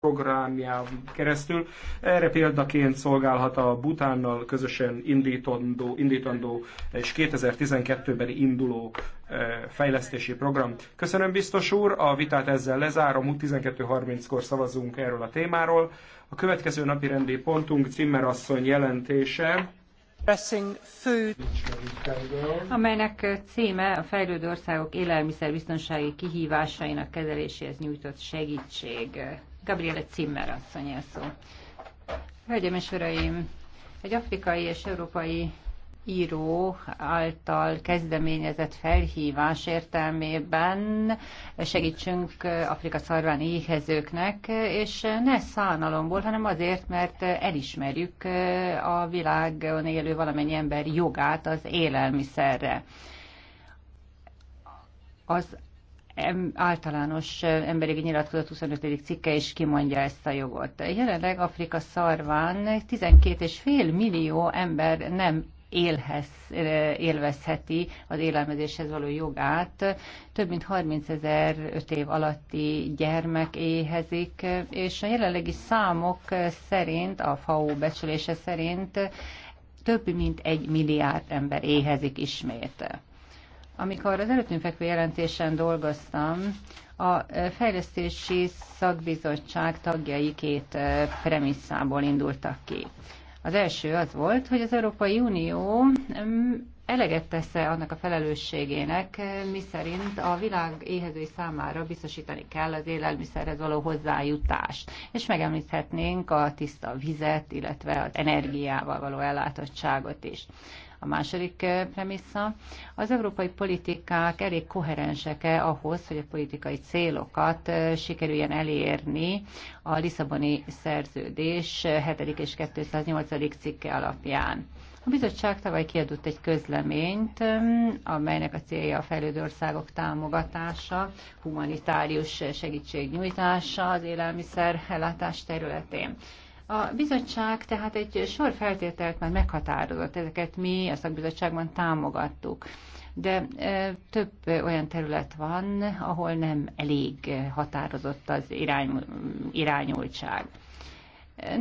programján keresztül. Erre példaként szolgálhat a Butánnal közösen indítandó, indítandó és 2012-ben induló eh, fejlesztési program. Köszönöm biztos úr, a vitát ezzel lezárom, 12.30-kor szavazunk erről a témáról. A következő napi rendi pontunk Cimmer jelentése amelynek címe a fejlődő országok élelmiszerbiztonsági kihívásainak kezeléséhez nyújtott segítség. Gabriele Zimmer asszony a szó. Hölgyeim és Uraim, egy afrikai és európai író által kezdeményezett felhívás értelmében segítsünk Afrika szarván éhezőknek, és ne szánalomból, hanem azért, mert elismerjük a világon élő valamennyi ember jogát az élelmiszerre. Az általános emberi nyilatkozat 25. cikke is kimondja ezt a jogot. Jelenleg Afrika szarván 12,5 millió ember nem élhez, élvezheti az élelmezéshez való jogát. Több mint 30 ezer öt év alatti gyermek éhezik, és a jelenlegi számok szerint, a FAO becsülése szerint több mint egy milliárd ember éhezik ismét. Amikor az előttünk fekvő jelentésen dolgoztam, a fejlesztési szakbizottság tagjai két premisszából indultak ki. Az első az volt, hogy az Európai Unió eleget tesz annak a felelősségének, miszerint a világ éhezői számára biztosítani kell az élelmiszerhez való hozzájutást. És megemlíthetnénk a tiszta vizet, illetve az energiával való ellátottságot is. A második eh, premissza, az európai politikák elég koherensek-e ahhoz, hogy a politikai célokat eh, sikerüljen elérni a Lisszaboni szerződés 7. Eh, és 208. cikke alapján. A bizottság tavaly kiadott egy közleményt, amelynek a célja a fejlődő országok támogatása, humanitárius segítségnyújtása az élelmiszer ellátás területén. A bizottság tehát egy sor feltételt már meghatározott, ezeket mi a szakbizottságban támogattuk. De e, több olyan terület van, ahol nem elég határozott az irány, irányultság.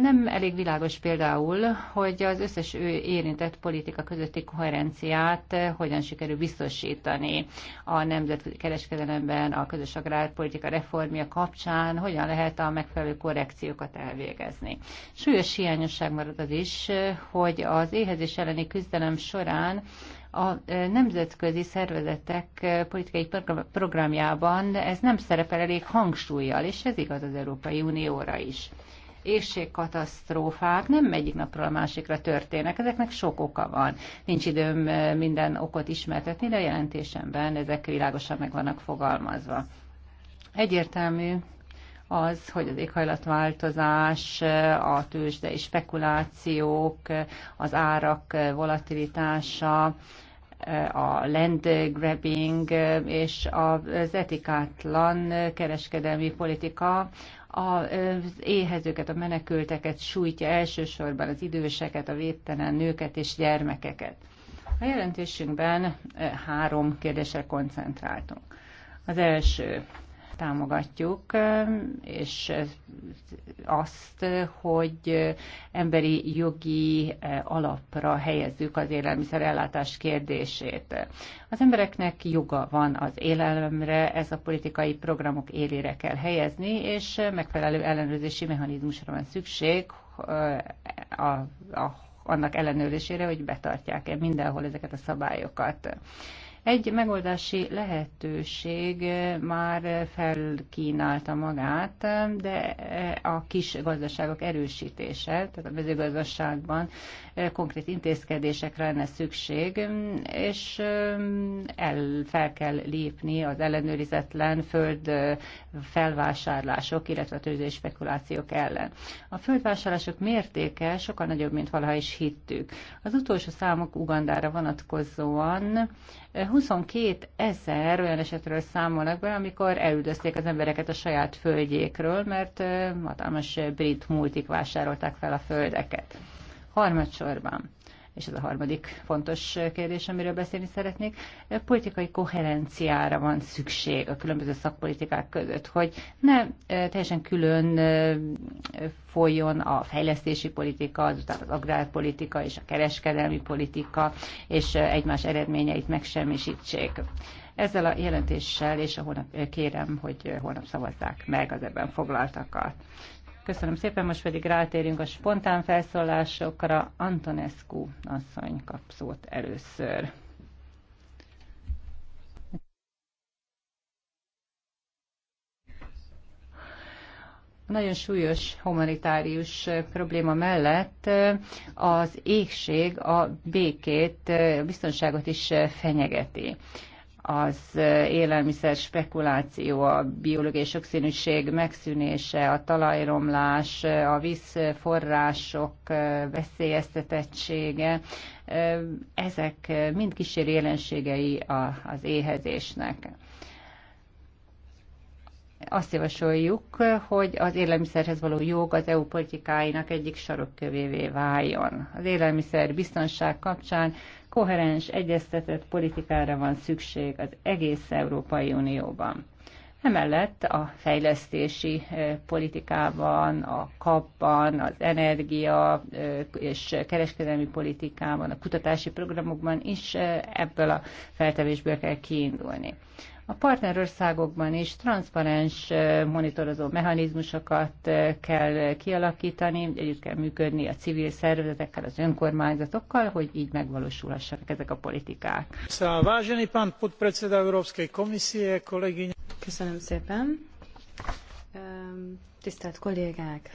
Nem elég világos például, hogy az összes ő érintett politika közötti koherenciát eh, hogyan sikerül biztosítani a nemzetközi kereskedelemben, a közös agrárpolitika reformja kapcsán, hogyan lehet a megfelelő korrekciókat elvégezni. Súlyos hiányosság marad az is, eh, hogy az éhezés elleni küzdelem során a eh, nemzetközi szervezetek politikai programjában ez nem szerepel elég hangsúlyjal, és ez igaz az Európai Unióra is éjségkatasztrófák nem egyik napról a másikra történnek, ezeknek sok oka van. Nincs időm eh, minden okot ismertetni, de a jelentésemben ezek világosan meg vannak fogalmazva. Egyértelmű az, hogy az éghajlatváltozás, eh, a tőzsdei spekulációk, eh, az árak volatilitása, a land grabbing és az etikátlan kereskedelmi politika az éhezőket, a menekülteket sújtja elsősorban az időseket, a védtelen nőket és gyermekeket. A jelentésünkben három kérdésre koncentráltunk. Az első, támogatjuk, és azt, hogy emberi jogi alapra helyezzük az ellátás kérdését. Az embereknek joga van az élelemre, ez a politikai programok élére kell helyezni, és megfelelő ellenőrzési mechanizmusra van szükség, eh, a, a, annak ellenőrzésére, hogy betartják-e mindenhol ezeket a szabályokat. Egy megoldási lehetőség már felkínálta magát, de a kis gazdaságok erősítése, tehát a mezőgazdaságban konkrét intézkedésekre lenne szükség, és el fel kell lépni az ellenőrizetlen föld felvásárlások, illetve a tőzés spekulációk ellen. A földvásárlások mértéke sokkal nagyobb, mint valaha is hittük. Az utolsó számok Ugandára vonatkozóan 22 ezer olyan esetről számolnak be, amikor elüldözték az embereket a saját földjékről, mert hatalmas brit multik vásárolták fel a földeket. Harmadsorban és ez a harmadik fontos kérdés, amiről beszélni szeretnék, politikai koherenciára van szükség a különböző szakpolitikák között, hogy ne eh, teljesen külön eh, folyjon a fejlesztési politika, azután az agrárpolitika és a kereskedelmi politika, és eh, egymás eredményeit megsemmisítsék. Ezzel a jelentéssel, és a holnap, kérem, hogy holnap szavazzák meg az ebben foglaltakat. Köszönöm szépen, most pedig rátérünk a spontán felszólásokra. Antonescu asszony kap szót először. nagyon súlyos humanitárius probléma mellett az égség a békét, a biztonságot is fenyegeti az élelmiszer spekuláció, a biológiai sokszínűség megszűnése, a talajromlás, a vízforrások veszélyeztetettsége, ezek mind kísér jelenségei az éhezésnek azt javasoljuk, hogy az élelmiszerhez való jog az EU politikáinak egyik sarokkövévé váljon. Az élelmiszer biztonság kapcsán koherens, egyeztetett politikára van szükség az egész Európai Unióban. Emellett a fejlesztési politikában, a kapban, az energia és kereskedelmi politikában, a kutatási programokban is ebből a feltevésből kell kiindulni. A partnerországokban is transzparens monitorozó mechanizmusokat kell kialakítani, együtt kell működni a civil szervezetekkel, az önkormányzatokkal, hogy így megvalósulhassanak ezek a politikák. Szóval, Köszönöm szépen. Tisztelt kollégák!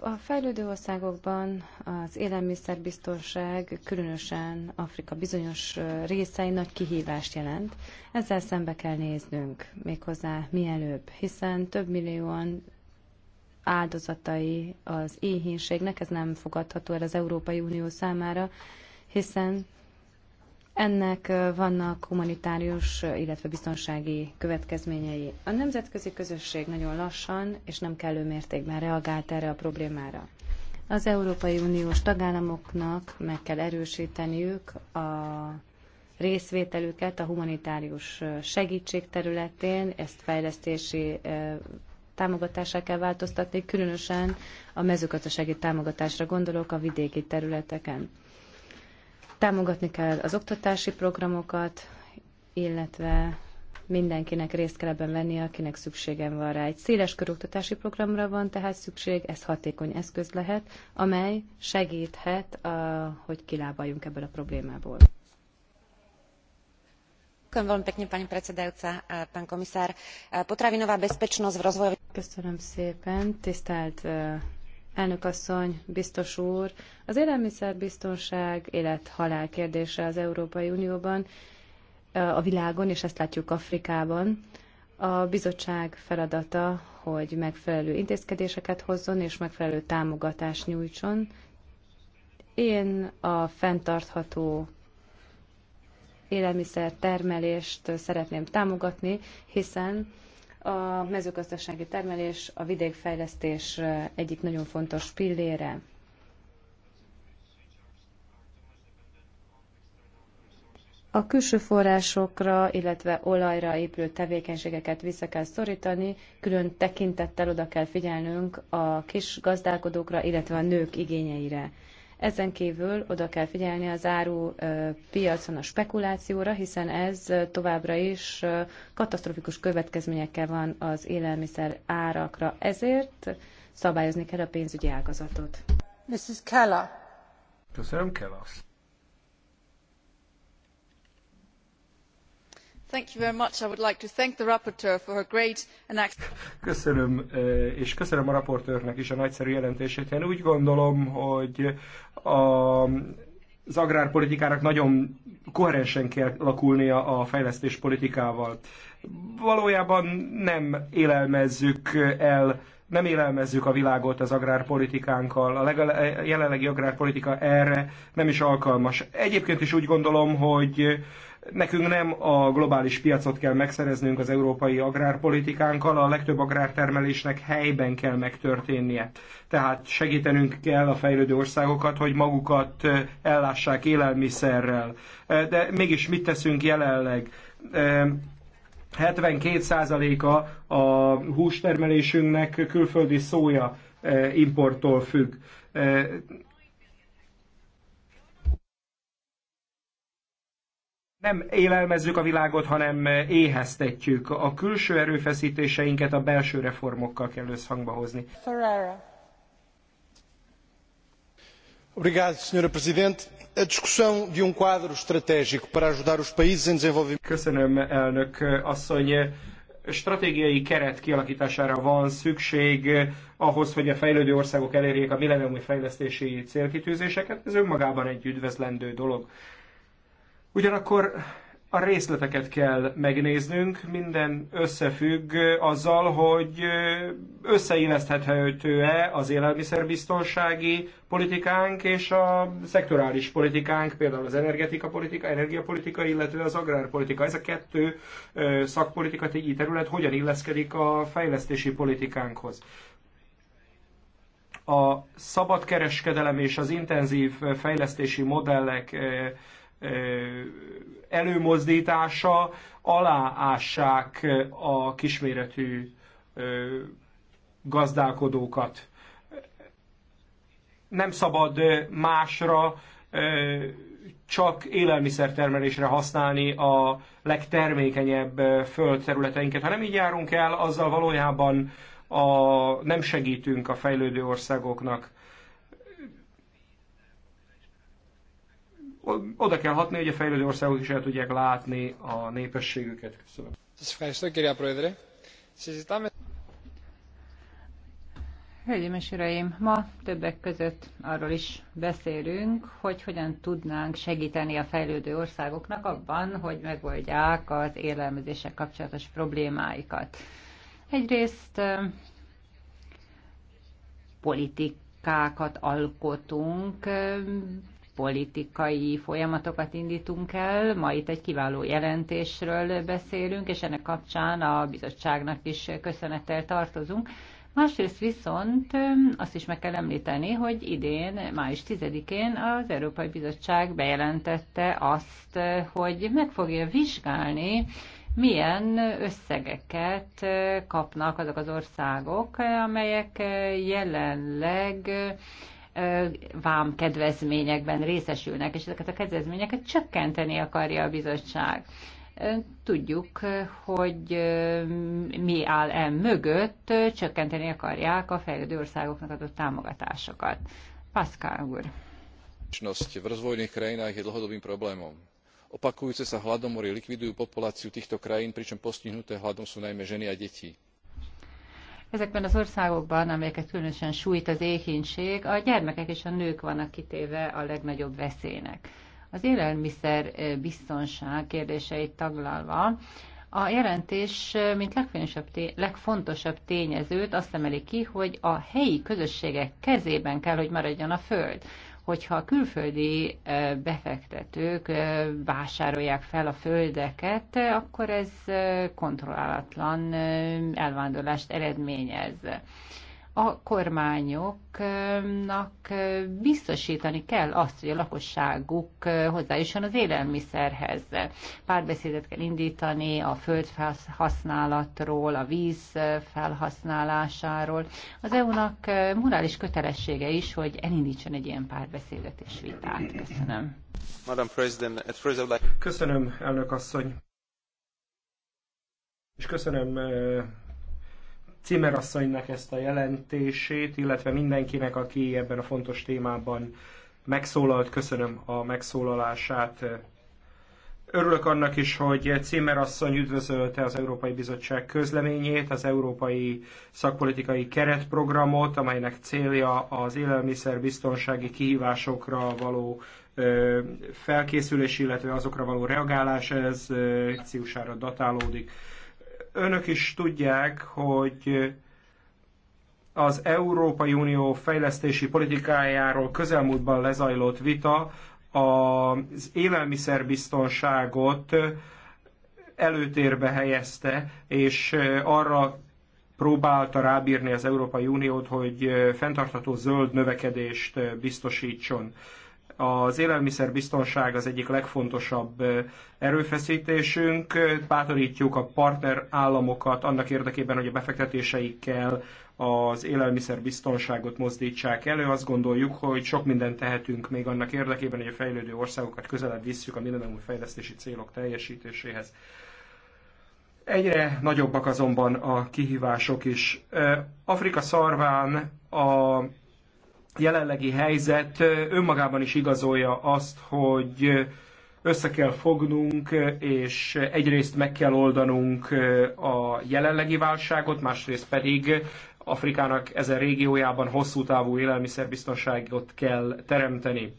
A fejlődő országokban az élelmiszerbiztonság, különösen Afrika bizonyos részei nagy kihívást jelent. Ezzel szembe kell néznünk méghozzá mielőbb, hiszen több millióan áldozatai az éhénységnek, ez nem fogadható el az Európai Unió számára, hiszen ennek vannak humanitárius, illetve biztonsági következményei. A nemzetközi közösség nagyon lassan és nem kellő mértékben reagált erre a problémára. Az Európai Uniós tagállamoknak meg kell erősíteniük a részvételüket a humanitárius segítség területén, ezt fejlesztési támogatásra kell változtatni, különösen a mezőgazdasági támogatásra gondolok a vidéki területeken. Támogatni kell az oktatási programokat, illetve mindenkinek részt kell ebben vennie, akinek szükségem van rá. Egy széles oktatási programra van tehát szükség, ez hatékony eszköz lehet, amely segíthet, a, hogy kilábaljunk ebből a problémából. Köszönöm szépen, tisztelt Elnök asszony, biztos úr, az élelmiszerbiztonság élet-halál kérdése az Európai Unióban, a világon, és ezt látjuk Afrikában. A bizottság feladata, hogy megfelelő intézkedéseket hozzon és megfelelő támogatást nyújtson. Én a fenntartható élelmiszer termelést szeretném támogatni, hiszen a mezőgazdasági termelés a vidékfejlesztés egyik nagyon fontos pillére. A külső forrásokra, illetve olajra épülő tevékenységeket vissza kell szorítani, külön tekintettel oda kell figyelnünk a kis gazdálkodókra, illetve a nők igényeire. Ezen kívül oda kell figyelni az áru piacon a spekulációra, hiszen ez továbbra is katasztrofikus következményekkel van az élelmiszer árakra. Ezért szabályozni kell a pénzügyi ágazatot. Mrs. Keller. Köszönöm, Kellasz. Köszönöm, és köszönöm a raportőrnek is a nagyszerű jelentését. Én úgy gondolom, hogy a, az agrárpolitikának nagyon koherensen kell alakulnia a fejlesztés politikával. Valójában nem élelmezzük el nem élelmezzük a világot az agrárpolitikánkkal. A, legal- a jelenlegi agrárpolitika erre nem is alkalmas. Egyébként is úgy gondolom, hogy Nekünk nem a globális piacot kell megszereznünk az európai agrárpolitikánkkal, a legtöbb agrártermelésnek helyben kell megtörténnie. Tehát segítenünk kell a fejlődő országokat, hogy magukat ellássák élelmiszerrel. De mégis mit teszünk jelenleg? 72%-a a hústermelésünknek külföldi szója importtól függ. nem élelmezzük a világot, hanem eh, éheztetjük. A külső erőfeszítéseinket a belső reformokkal kell összhangba hozni. Ferreira. Obrigado, Sra. Presidente. A discussão de um quadro estratégico para ajudar os países em desenvolvimento. Köszönöm, elnök asszony stratégiai keret kialakítására van szükség eh, ahhoz, hogy a fejlődő országok elérjék a millenniumi fejlesztési célkitűzéseket. Ez önmagában egy üdvözlendő dolog. Ugyanakkor a részleteket kell megnéznünk, minden összefügg azzal, hogy összeilleszthethető-e az élelmiszerbiztonsági politikánk és a szektorális politikánk, például az energetika politika, energiapolitika, illetve az agrárpolitika. Ez a kettő szakpolitika terület hogyan illeszkedik a fejlesztési politikánkhoz a szabad kereskedelem és az intenzív fejlesztési modellek előmozdítása aláássák a kisméretű gazdálkodókat. Nem szabad másra csak élelmiszertermelésre használni a legtermékenyebb földterületeinket. Ha nem így járunk el, azzal valójában a, nem segítünk a fejlődő országoknak. oda kell hatni, hogy a fejlődő országok is el tudják látni a népességüket. Köszönöm. Hölgyeim és Uraim, ma többek között arról is beszélünk, hogy hogyan tudnánk segíteni a fejlődő országoknak abban, hogy megoldják az élelmezések kapcsolatos problémáikat. Egyrészt politikákat alkotunk, politikai folyamatokat indítunk el. Ma itt egy kiváló jelentésről beszélünk, és ennek kapcsán a bizottságnak is köszönettel tartozunk. Másrészt viszont azt is meg kell említeni, hogy idén, május 10-én az Európai Bizottság bejelentette azt, hogy meg fogja vizsgálni, milyen összegeket kapnak azok az országok, amelyek jelenleg vám kedvezményekben részesülnek, és ezeket a kedvezményeket csökkenteni akarja a bizottság. Tudjuk, hogy mi áll el mögött, csökkenteni akarják a fejlődő országoknak adott támogatásokat. Pascal úr. V rozvojných krajinách je dlhodobým problémom. Opakujúce sa hladomory likvidujú populáciu týchto krajín, pričom postihnuté hladom sú najmä ženy a deti Ezekben az országokban, amelyeket különösen sújt az éhínség, a gyermekek és a nők vannak kitéve a legnagyobb veszélynek. Az élelmiszer biztonság kérdéseit taglalva, a jelentés, mint legfontosabb tényezőt azt emeli ki, hogy a helyi közösségek kezében kell, hogy maradjon a föld hogyha a külföldi befektetők vásárolják fel a földeket, akkor ez kontrollálatlan elvándorlást eredményez a kormányoknak biztosítani kell azt, hogy a lakosságuk hozzájusson az élelmiszerhez. Párbeszédet kell indítani a földhasználatról, a víz felhasználásáról. Az EU-nak morális kötelessége is, hogy elindítson egy ilyen párbeszédet és vitát. Köszönöm. Madam President, Köszönöm, elnök asszony. És köszönöm Cimerasszonynak ezt a jelentését, illetve mindenkinek, aki ebben a fontos témában megszólalt. Köszönöm a megszólalását. Örülök annak is, hogy Cimerasszony üdvözölte az Európai Bizottság közleményét, az Európai Szakpolitikai Keretprogramot, amelynek célja az élelmiszerbiztonsági kihívásokra való felkészülés, illetve azokra való reagálás, ez ciusára datálódik. Önök is tudják, hogy az Európai Unió fejlesztési politikájáról közelmúltban lezajlott vita az élelmiszerbiztonságot előtérbe helyezte, és arra próbálta rábírni az Európai Uniót, hogy fenntartható zöld növekedést biztosítson. Az élelmiszerbiztonság az egyik legfontosabb erőfeszítésünk. Bátorítjuk a partner államokat annak érdekében, hogy a befektetéseikkel az élelmiszerbiztonságot mozdítsák elő. Azt gondoljuk, hogy sok mindent tehetünk még annak érdekében, hogy a fejlődő országokat közelebb visszük a minimum fejlesztési célok teljesítéséhez. Egyre nagyobbak azonban a kihívások is. Afrika szarván a jelenlegi helyzet önmagában is igazolja azt, hogy össze kell fognunk, és egyrészt meg kell oldanunk a jelenlegi válságot, másrészt pedig Afrikának ezen régiójában hosszú távú élelmiszerbiztonságot kell teremteni.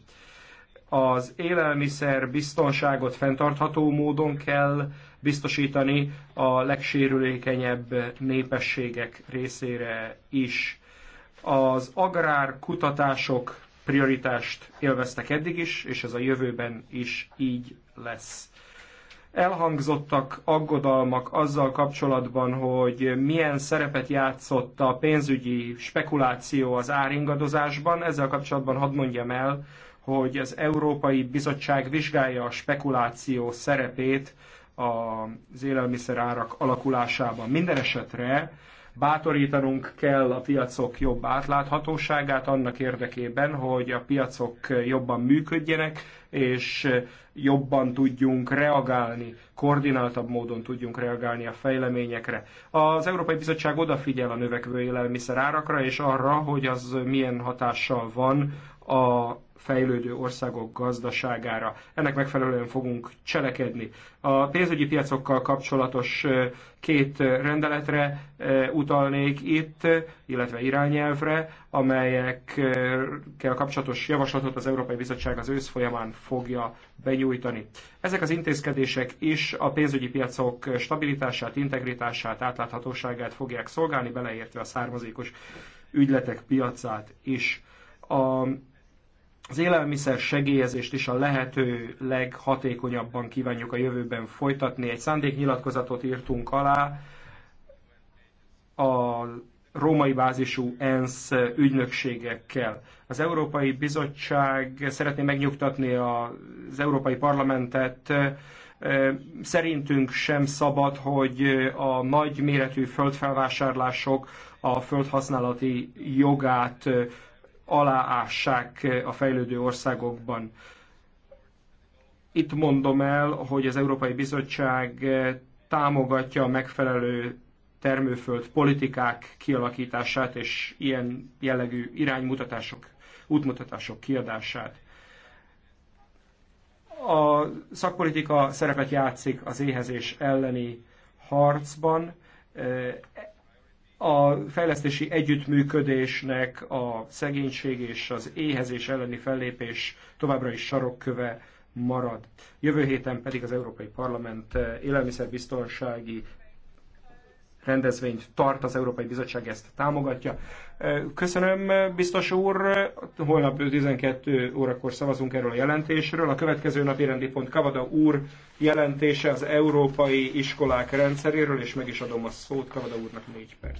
Az élelmiszerbiztonságot fenntartható módon kell biztosítani a legsérülékenyebb népességek részére is az agrárkutatások prioritást élveztek eddig is, és ez a jövőben is így lesz. Elhangzottak aggodalmak azzal kapcsolatban, hogy milyen szerepet játszott a pénzügyi spekuláció az áringadozásban. Ezzel kapcsolatban hadd mondjam el, hogy az Európai Bizottság vizsgálja a spekuláció szerepét az élelmiszerárak alakulásában. Minden esetre Bátorítanunk kell a piacok jobb átláthatóságát annak érdekében, hogy a piacok jobban működjenek, és jobban tudjunk reagálni, koordináltabb módon tudjunk reagálni a fejleményekre. Az Európai Bizottság odafigyel a növekvő élelmiszer árakra, és arra, hogy az milyen hatással van a fejlődő országok gazdaságára. Ennek megfelelően fogunk cselekedni. A pénzügyi piacokkal kapcsolatos két rendeletre utalnék itt, illetve irányelvre, amelyekkel kapcsolatos javaslatot az Európai Bizottság az ősz folyamán fogja benyújtani. Ezek az intézkedések is a pénzügyi piacok stabilitását, integritását, átláthatóságát fogják szolgálni, beleértve a származékos ügyletek piacát is. A az élelmiszer segélyezést is a lehető leghatékonyabban kívánjuk a jövőben folytatni. Egy szándéknyilatkozatot írtunk alá a római bázisú ENSZ ügynökségekkel. Az Európai Bizottság szeretné megnyugtatni az Európai Parlamentet, szerintünk sem szabad, hogy a nagy méretű földfelvásárlások a földhasználati jogát aláássák a fejlődő országokban. Itt mondom el, hogy az Európai Bizottság támogatja a megfelelő termőföld politikák kialakítását és ilyen jellegű iránymutatások, útmutatások kiadását. A szakpolitika szerepet játszik az éhezés elleni harcban, a fejlesztési együttműködésnek a szegénység és az éhezés elleni fellépés továbbra is sarokköve marad. Jövő héten pedig az Európai Parlament élelmiszerbiztonsági rendezvényt tart, az Európai Bizottság ezt támogatja. Köszönöm, biztos úr, holnap 12 órakor szavazunk erről a jelentésről. A következő napi rendi pont Kavada úr jelentése az európai iskolák rendszeréről, és meg is adom a szót Kavada úrnak 4 perc.